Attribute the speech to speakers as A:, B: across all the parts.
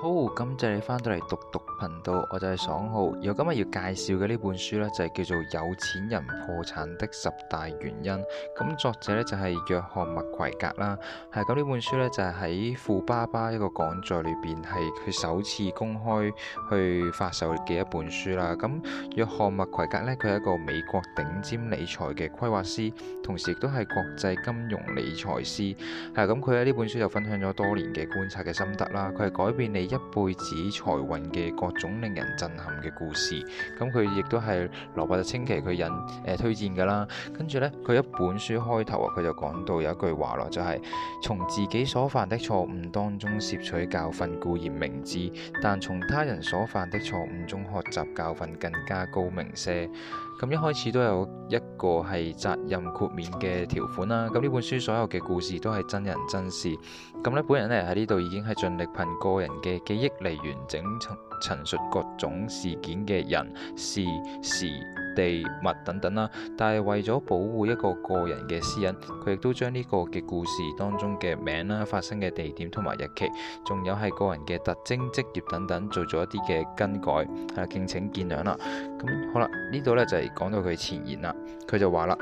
A: 好，感謝你翻到嚟讀讀頻道，我就係爽浩。而我今日要介紹嘅呢本書呢，就係叫做《有錢人破產的十大原因》。咁作者呢，就係約翰麥葵格啦。係咁呢本書呢，就係喺富爸爸一個講座裏邊係佢首次公開去發售嘅一本書啦。咁約翰麥葵格呢，佢係一個美國頂尖理財嘅規劃師，同時亦都係國際金融理財師。係咁佢喺呢本書就分享咗多年嘅觀察嘅心得啦。佢係改變你一輩子財運嘅各種令人震撼嘅故事，咁佢亦都係羅伯特清奇佢引誒、呃、推薦嘅啦。跟住呢，佢一本書開頭啊，佢就講到有一句話咯，就係、是、從自己所犯的錯誤當中攝取教訓固然明智，但從他人所犯的錯誤中學習教訓更加高明些。咁一開始都有一個係責任豁免嘅條款啦。咁呢本書所有嘅故事都係真人真事。咁咧本人咧喺呢度已經係盡力憑個人嘅記憶嚟完整陳述各種事件嘅人、事、時、地、物等等啦，但係為咗保護一個個人嘅私隱，佢亦都將呢個嘅故事當中嘅名啦、發生嘅地點同埋日期，仲有係個人嘅特徵、職業等等，做咗一啲嘅更改，係啦，敬請見諒啦。咁好啦，呢度呢就係講到佢前言啦，佢就話啦。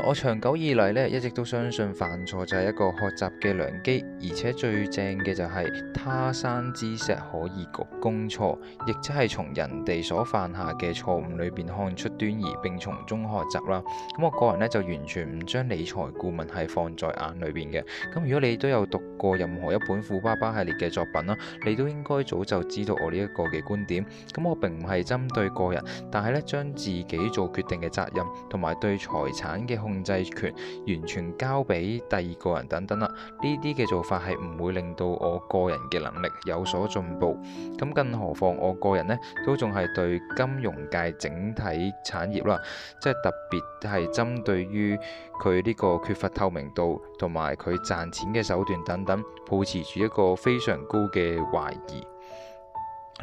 A: 我長久以嚟咧，一直都相信犯錯就係一個學習嘅良機，而且最正嘅就係他山之石可以攻錯，亦即係從人哋所犯下嘅錯誤裏邊看出端倪，並從中學習啦。咁我個人咧就完全唔將理財顧問係放在眼裏邊嘅。咁如果你都有讀過任何一本富爸爸系列嘅作品啦，你都應該早就知道我呢一個嘅觀點。咁我並唔係針對個人，但係咧將自己做決定嘅責任同埋對財產嘅。控制權完全交俾第二個人等等啦，呢啲嘅做法係唔會令到我個人嘅能力有所進步。咁更何況我個人呢，都仲係對金融界整體產業啦，即係特別係針對於佢呢個缺乏透明度同埋佢賺錢嘅手段等等，抱持住一個非常高嘅懷疑。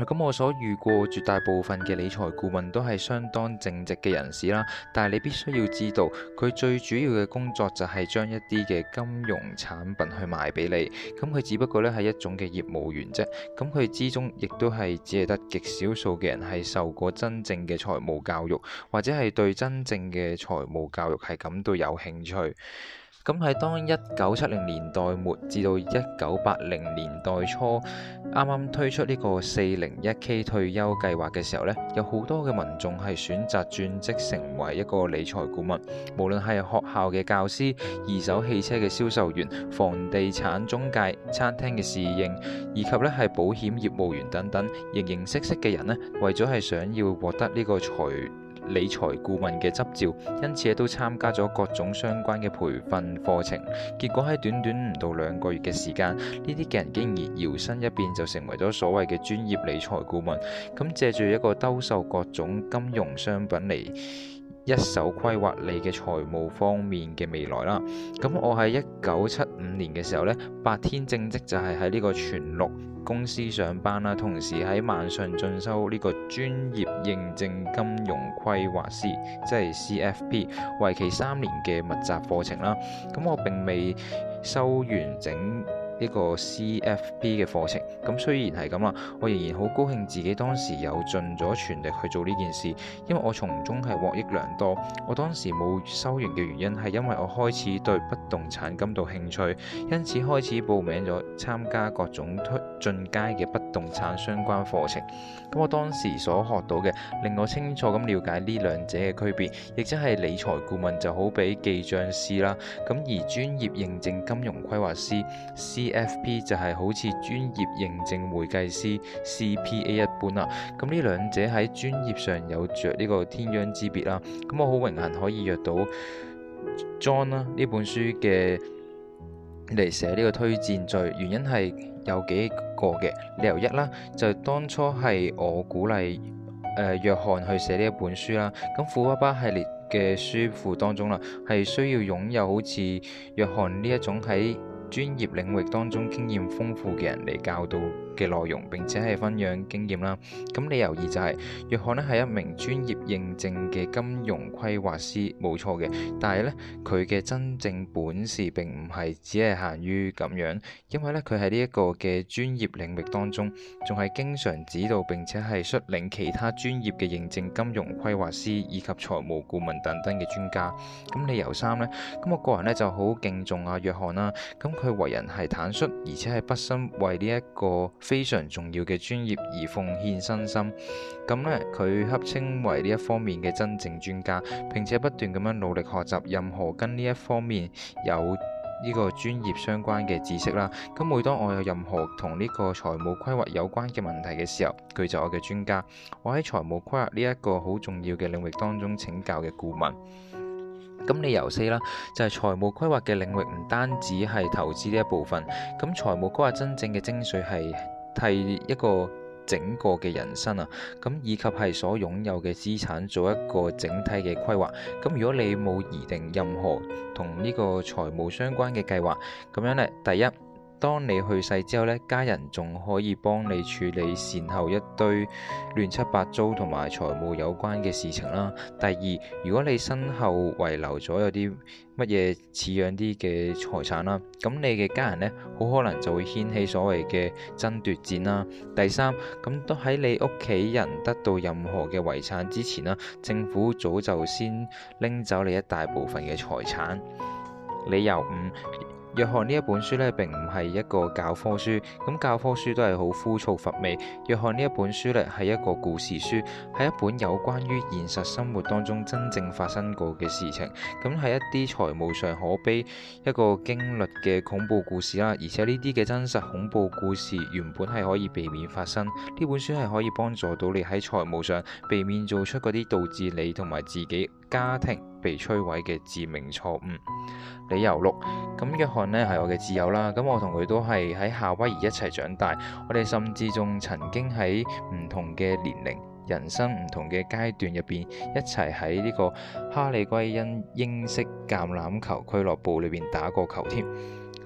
A: 咁、嗯、我所遇過絕大部分嘅理財顧問都係相當正直嘅人士啦，但係你必須要知道，佢最主要嘅工作就係將一啲嘅金融產品去賣俾你，咁佢只不過咧係一種嘅業務員啫，咁佢之中亦都係只係得極少數嘅人係受過真正嘅財務教育，或者係對真正嘅財務教育係感到有興趣。咁喺當一九七零年代末至到一九八零年代初，啱啱推出呢個四零一 K 退休計劃嘅時候呢，有好多嘅民眾係選擇轉職成為一個理財顧問，無論係學校嘅教師、二手汽車嘅銷售員、房地產中介、餐廳嘅侍應，以及呢係保險業務員等等，形形色色嘅人呢，為咗係想要獲得呢個財理財顧問嘅執照，因此也都參加咗各種相關嘅培訓課程。結果喺短短唔到兩個月嘅時間，呢啲人竟然搖身一變，就成為咗所謂嘅專業理財顧問。咁借住一個兜售各種金融商品嚟。一手規劃你嘅財務方面嘅未來啦。咁我喺一九七五年嘅時候呢，白天正職就係喺呢個全錄公司上班啦，同時喺萬信進修呢個專業認證金融規劃師，即係 CFP，為期三年嘅密集課程啦。咁我並未修完整。呢個 CFP 嘅課程，咁雖然係咁啊，我仍然好高興自己當時有盡咗全力去做呢件事，因為我從中係獲益良多。我當時冇收完嘅原因係因為我開始對不動產感到興趣，因此開始報名咗參加各種推進階嘅不動產相關課程。咁我當時所學到嘅令我清楚咁了解呢兩者嘅區別，亦即係理財顧問就好比記帳師啦，咁而專業認證金融規劃師師。CFP 就係好似專業認證會計師 CPA 一般啦，咁呢兩者喺專業上有着呢個天壤之別啦。咁我好榮幸可以約到 John 啦，呢本書嘅嚟寫呢個推薦序，原因係有幾個嘅。理由一啦，就當初係我鼓勵誒、呃、約翰去寫呢一本書啦。咁富爸爸系列嘅書庫當中啦，係需要擁有好似約翰呢一種喺專業領域當中經驗豐富嘅人嚟教導嘅內容，並且係分享經驗啦。咁理由二就係約翰呢係一名專業認證嘅金融規劃師，冇錯嘅。但係呢，佢嘅真正本事並唔係只係限於咁樣，因為呢，佢喺呢一個嘅專業領域當中，仲係經常指導並且係率領其他專業嘅認證金融規劃師以及財務顧問等等嘅專家。咁理由三呢，咁我個人呢就好敬重阿、啊、約翰啦。咁、啊啊啊啊佢為人係坦率，而且係畢生為呢一個非常重要嘅專業而奉獻身心。咁咧，佢恰稱為呢一方面嘅真正專家，並且不斷咁樣努力學習任何跟呢一方面有呢個專業相關嘅知識啦。咁每當我有任何同呢個財務規劃有關嘅問題嘅時候，佢就我嘅專家，我喺財務規劃呢一個好重要嘅領域當中請教嘅顧問。咁理由四啦，就係、是、財務規劃嘅領域唔單止係投資呢一部分，咁財務規劃真正嘅精髓係替一個整個嘅人生啊，咁以及係所擁有嘅資產做一個整體嘅規劃。咁如果你冇擬定任何同呢個財務相關嘅計劃，咁樣咧，第一。當你去世之後咧，家人仲可以幫你處理善後一堆亂七八糟同埋財務有關嘅事情啦。第二，如果你身後遺留咗有啲乜嘢似樣啲嘅財產啦，咁你嘅家人呢，好可能就會掀起所謂嘅爭奪戰啦。第三，咁都喺你屋企人得到任何嘅遺產之前啦，政府早就先拎走你一大部分嘅財產。理由五。約翰呢一本書呢，並唔係一個教科書，咁教科書都係好枯燥乏味。約翰呢一本書呢，係一個故事書，係一本有關於現實生活當中真正發生過嘅事情，咁係一啲財務上可悲一個經歷嘅恐怖故事啦。而且呢啲嘅真實恐怖故事，原本係可以避免發生。呢本書係可以幫助到你喺財務上避免做出嗰啲導致你同埋自己。家庭被摧毀嘅致命錯誤。理由六，咁約翰呢係我嘅摯友啦，咁我同佢都係喺夏威夷一齊長大，我哋甚至仲曾經喺唔同嘅年齡、人生唔同嘅階段入邊，一齊喺呢個哈利·奎恩英式橄欖球俱樂部裏邊打過球添。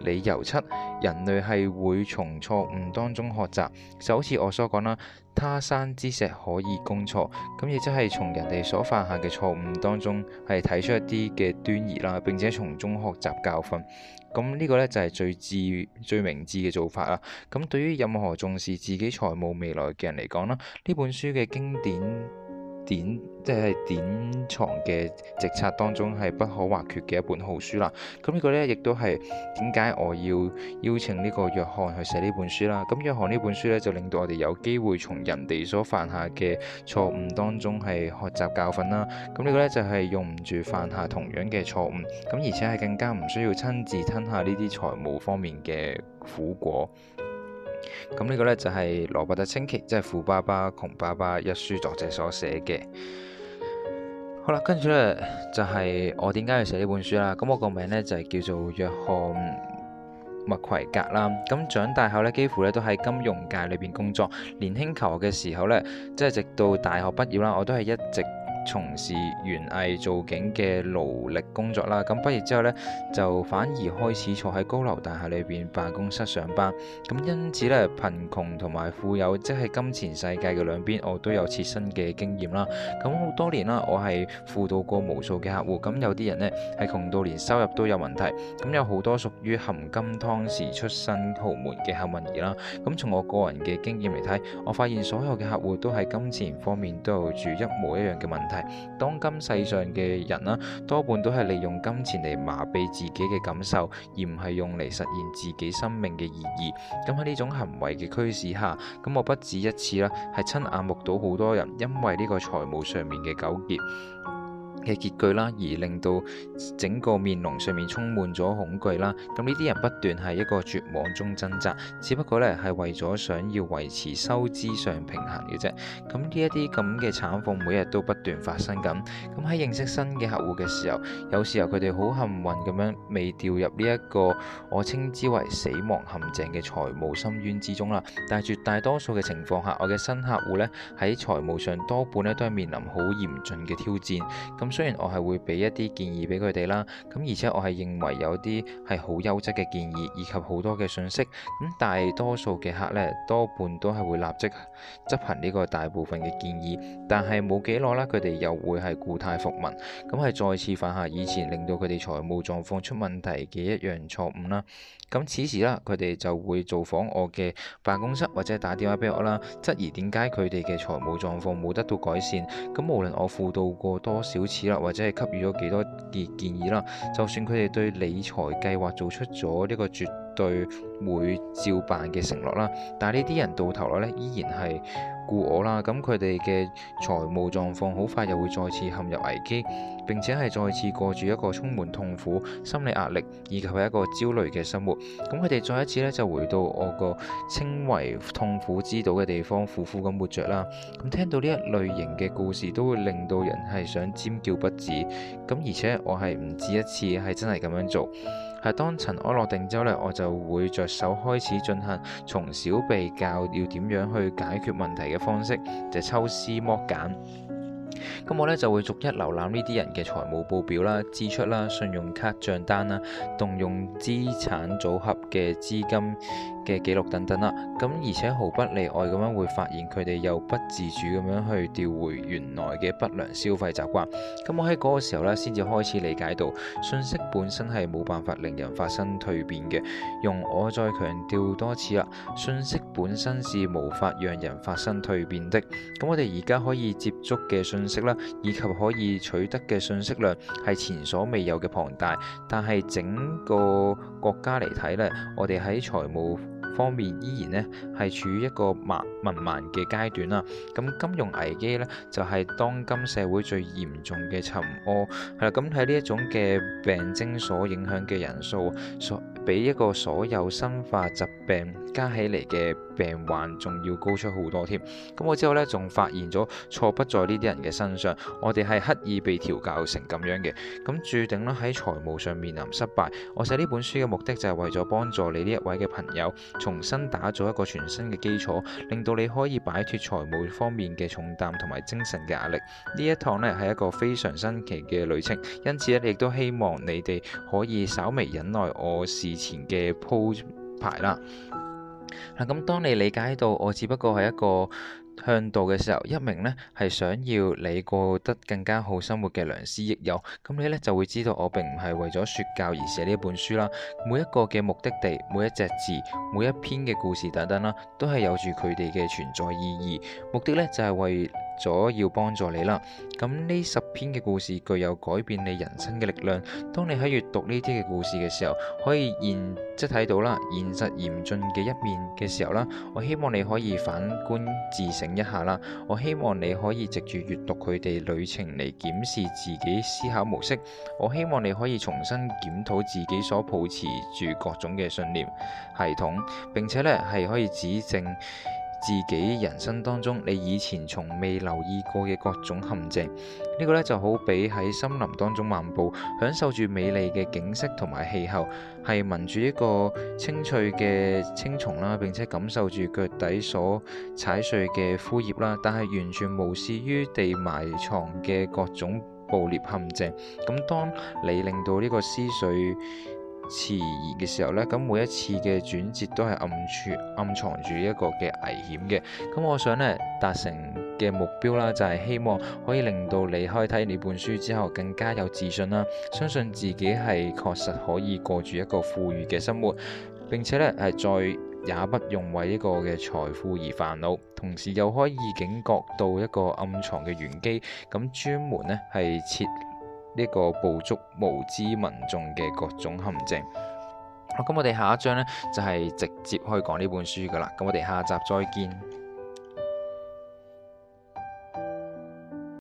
A: 理由七，人類係會從錯誤當中學習，就好似我所講啦。他山之石可以攻錯，咁亦即係從人哋所犯下嘅錯誤當中係睇出一啲嘅端倪啦，並且從中學習教訓。咁呢個呢，就係最智最明智嘅做法啦。咁對於任何重視自己財務未來嘅人嚟講啦，呢本書嘅經典。典即係典藏嘅直冊當中係不可或缺嘅一本好書啦。咁、嗯、呢、這個呢，亦都係點解我要邀請呢個約翰去寫呢本書啦。咁、嗯、約翰呢本書呢，就令到我哋有機會從人哋所犯下嘅錯誤當中係學習教訓啦。咁、嗯、呢、這個呢，就係、是、用唔住犯下同樣嘅錯誤，咁、嗯、而且係更加唔需要親自吞下呢啲財務方面嘅苦果。咁呢個呢，就係羅伯特清崎，即係《富爸爸窮爸爸》一書作者所寫嘅。好啦，跟住呢，就係我點解要寫呢本書啦。咁我個名呢，就係叫做約翰麥奎格啦。咁長大後呢，幾乎呢都喺金融界裏邊工作。年輕求學嘅時候呢，即係直到大學畢業啦，我都係一直從事園藝造景嘅勞力工作啦，咁畢業之後呢，就反而開始坐喺高樓大廈裏邊辦公室上班，咁因此呢，貧窮同埋富有，即係金錢世界嘅兩邊，我都有切身嘅經驗啦。咁好多年啦，我係輔導過無數嘅客戶，咁有啲人呢，係窮到連收入都有問題，咁有好多屬於含金湯匙出身豪門嘅幸運兒啦。咁從我個人嘅經驗嚟睇，我發現所有嘅客戶都喺金錢方面都有住一模一樣嘅問題。當今世上嘅人啦，多半都係利用金錢嚟麻痹自己嘅感受，而唔係用嚟實現自己生命嘅意義。咁喺呢種行為嘅驅使下，咁我不止一次啦，係親眼目睹好多人因為呢個財務上面嘅糾結。嘅拮據啦，而令到整個面容上面充滿咗恐懼啦。咁呢啲人不斷係一個絕望中掙扎，只不過呢係為咗想要維持收支上平衡嘅啫。咁呢一啲咁嘅慘況，每日都不斷發生緊。咁喺認識新嘅客戶嘅時候，有時候佢哋好幸運咁樣未掉入呢一個我稱之為死亡陷阱嘅財務深淵之中啦。但係絕大多數嘅情況下，我嘅新客戶呢，喺財務上多半呢都係面臨好嚴峻嘅挑戰。咁雖然我係會俾一啲建議俾佢哋啦，咁而且我係認為有啲係好優質嘅建議，以及好多嘅信息。咁大多數嘅客呢，多半都係會立即執行呢個大部分嘅建議，但係冇幾耐啦，佢哋又會係故態復萌，咁係再次犯下以前令到佢哋財務狀況出問題嘅一樣錯誤啦。咁此時啦，佢哋就會造訪我嘅辦公室或者係打電話俾我啦，質疑點解佢哋嘅財務狀況冇得到改善。咁無論我輔導過多少次，或者係給予咗幾多建建議啦，就算佢哋對理財計劃做出咗呢個絕對會照辦嘅承諾啦，但係呢啲人到頭來咧，依然係。故我啦，咁佢哋嘅財務狀況好快又會再次陷入危機，並且係再次過住一個充滿痛苦、心理壓力以及係一個焦慮嘅生活。咁佢哋再一次呢，就回到我個稱為痛苦之島嘅地方，苦苦咁活着啦。咁聽到呢一類型嘅故事，都會令到人係想尖叫不止。咁而且我係唔止一次係真係咁樣做。係當塵埃落定之後咧，我就會着手開始進行從小被教要點樣去解決問題嘅方式，就是、抽絲剝繭。咁、嗯、我咧就會逐一瀏覽呢啲人嘅財務報表啦、支出啦、信用卡帳單啦，動用資產組合嘅資金嘅記錄等等啦，咁而且毫不例外咁樣會發現佢哋又不自主咁樣去調回原來嘅不良消費習慣，咁我喺嗰個時候呢，先至開始理解到信息本身係冇辦法令人發生蛻變嘅，用我再強調多次啦，信息本身是無法讓人發生蛻變的，咁我哋而家可以接觸嘅信息啦，以及可以取得嘅信息量係前所未有嘅龐大，但係整個國家嚟睇呢，我哋喺財務方面依然呢，係處於一個慢緩慢嘅階段啦。咁金融危機呢，就係當今社會最嚴重嘅沉疴，係啦。咁喺呢一種嘅病徵所影響嘅人數所。比一個所有生化疾病加起嚟嘅病患仲要高出好多添。咁我之後呢，仲發現咗錯不在呢啲人嘅身上，我哋係刻意被調教成咁樣嘅，咁注定啦。喺財務上面臨失敗。我寫呢本書嘅目的就係為咗幫助你呢一位嘅朋友重新打造一個全新嘅基礎，令到你可以擺脫財務方面嘅重擔同埋精神嘅壓力。呢一趟呢係一個非常新奇嘅旅程，因此呢你亦都希望你哋可以稍微忍耐，我是。前嘅鋪排啦，嗱咁，當你理解到我只不過係一個向導嘅時候，一名呢係想要你過得更加好生活嘅良師益友，咁你呢就會知道我並唔係為咗說教而寫呢一本書啦。每一個嘅目的地，每一隻字，每一篇嘅故事等等啦，都係有住佢哋嘅存在意義，目的呢，就係為。咗要幫助你啦，咁呢十篇嘅故事具有改變你人生嘅力量。當你喺閱讀呢啲嘅故事嘅時候，可以現即睇到啦現實嚴峻嘅一面嘅時候啦，我希望你可以反觀自省一下啦。我希望你可以藉住閱讀佢哋旅程嚟檢視自己思考模式。我希望你可以重新檢討自己所抱持住各種嘅信念系統，並且呢係可以指正。自己人生當中，你以前從未留意過嘅各種陷阱，這個、呢個咧就好比喺森林當中漫步，享受住美麗嘅景色同埋氣候，係聞住一個青翠嘅青松啦，並且感受住腳底所踩碎嘅枯葉啦，但係完全無視於地埋藏嘅各種捕獵陷阱。咁當你令到呢個思緒。遲疑嘅時候呢，咁每一次嘅轉折都係暗處暗藏住一個嘅危險嘅。咁我想呢，達成嘅目標啦，就係希望可以令到你開睇呢本書之後，更加有自信啦，相信自己係確實可以過住一個富裕嘅生活，並且呢，係再也不用為呢個嘅財富而煩惱，同時又可以警覺到一個暗藏嘅玄機，咁專門呢，係設。呢個捕捉無知民眾嘅各種陷阱。好，咁我哋下一章咧就係直接可以講呢本書㗎啦。咁我哋下集再見。